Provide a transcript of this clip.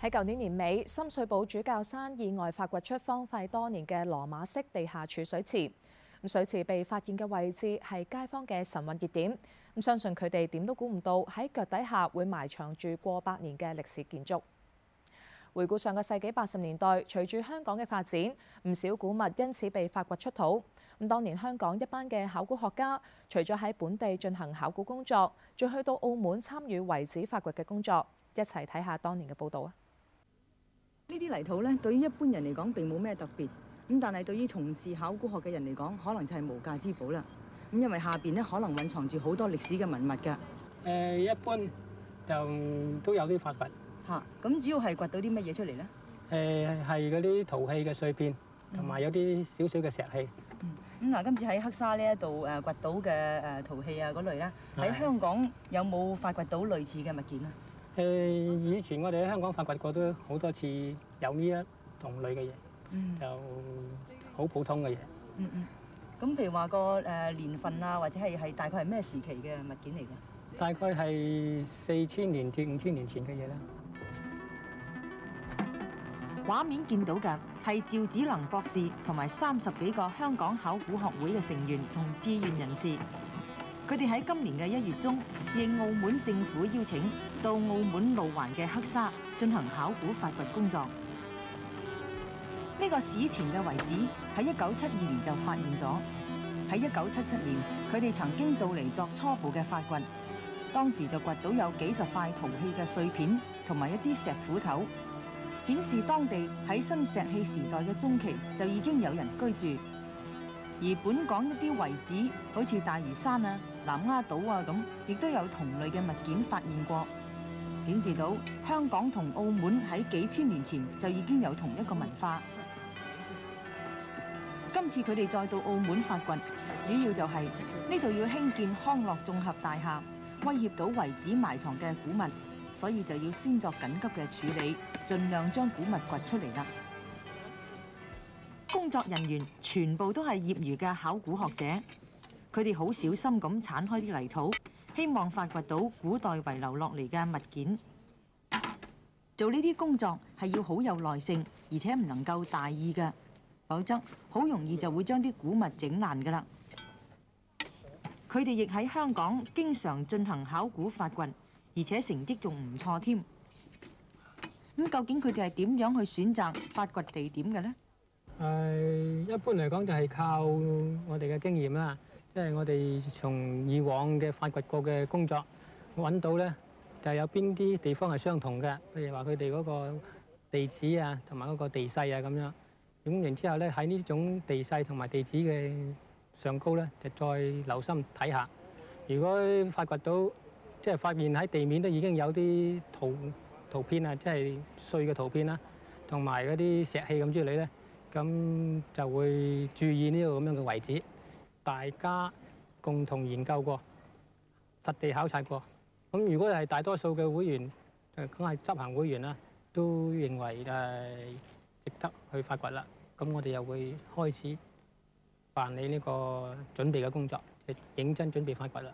喺舊年年尾，深水埗主教山意外發掘出荒廢多年嘅羅馬式地下儲水池。水池被發現嘅位置係街坊嘅晨運熱點，相信佢哋點都估唔到喺腳底下會埋藏住過百年嘅歷史建築。回顧上個世紀八十年代，隨住香港嘅發展，唔少古物因此被發掘出土。咁當年香港一班嘅考古學家，除咗喺本地進行考古工作，仲去到澳門參與遺址發掘嘅工作。一齊睇下當年嘅報導啊！呢啲泥土咧，對於一般人嚟講並冇咩特別，咁但係對於從事考古學嘅人嚟講，可能就係無價之寶啦。咁因為下邊咧，可能蘊藏住好多歷史嘅文物噶。誒，一般就都有啲發掘吓，咁主要係掘到啲乜嘢出嚟咧？誒，係嗰啲陶器嘅碎片，同埋有啲少少嘅石器。嗯，咁，嗱，今次喺黑沙呢一度誒掘到嘅誒陶器啊嗰類啦，喺香港有冇發掘到類似嘅物件啊？誒，以前我哋喺香港發掘過都好多次，有呢一同類嘅嘢，就好普通嘅嘢。嗯嗯。咁譬如話個誒年份啊，或者係係大概係咩時期嘅物件嚟嘅？大概係四千年至五千年前嘅嘢啦。畫面見到嘅係趙子能博士同埋三十幾個香港考古學會嘅成員同志願人士。佢哋喺今年嘅一月中，應澳門政府邀請到澳門路環嘅黑沙進行考古發掘工作。呢個史前嘅遺址喺一九七二年就發現咗，喺一九七七年，佢哋曾經到嚟作初步嘅發掘，當時就掘到有幾十塊陶器嘅碎片同埋一啲石斧頭，顯示當地喺新石器時代嘅中期就已經有人居住。而本港一啲遺址，好似大嶼山啊、南丫島啊咁，亦都有同類嘅物件發現過，顯示到香港同澳門喺幾千年前就已經有同一個文化。今次佢哋再到澳門發掘，主要就係呢度要興建康樂綜合大廈，威脅到遺址埋藏嘅古物，所以就要先作緊急嘅處理，盡量將古物掘出嚟啦。工作人員全部都係業餘嘅考古學者，佢哋好小心咁剷開啲泥土，希望發掘到古代遺留落嚟嘅物件。做呢啲工作係要好有耐性，而且唔能夠大意嘅，否則好容易就會將啲古物整爛噶啦。佢哋亦喺香港經常進行考古發掘，而且成績仲唔錯添。咁究竟佢哋係點樣去選擇發掘地點嘅呢？誒，一般嚟講就係靠我哋嘅經驗啦，即係我哋從以往嘅發掘過嘅工作揾到咧，就有邊啲地方係相同嘅，譬如話佢哋嗰個地址啊，同埋嗰個地勢啊咁樣。咁然之後咧，喺呢種地勢同埋地址嘅上高咧，就再留心睇下。如果發掘到即係發現喺地面都已經有啲陶陶片啊，即係碎嘅陶片啦，同埋嗰啲石器咁之類咧。咁就會注意呢個咁樣嘅位置，大家共同研究過、實地考察過。咁如果係大多數嘅會員，誒梗係執行會員啦，都認為誒值得去發掘啦。咁我哋又會開始辦理呢個準備嘅工作，認真準備發掘啦。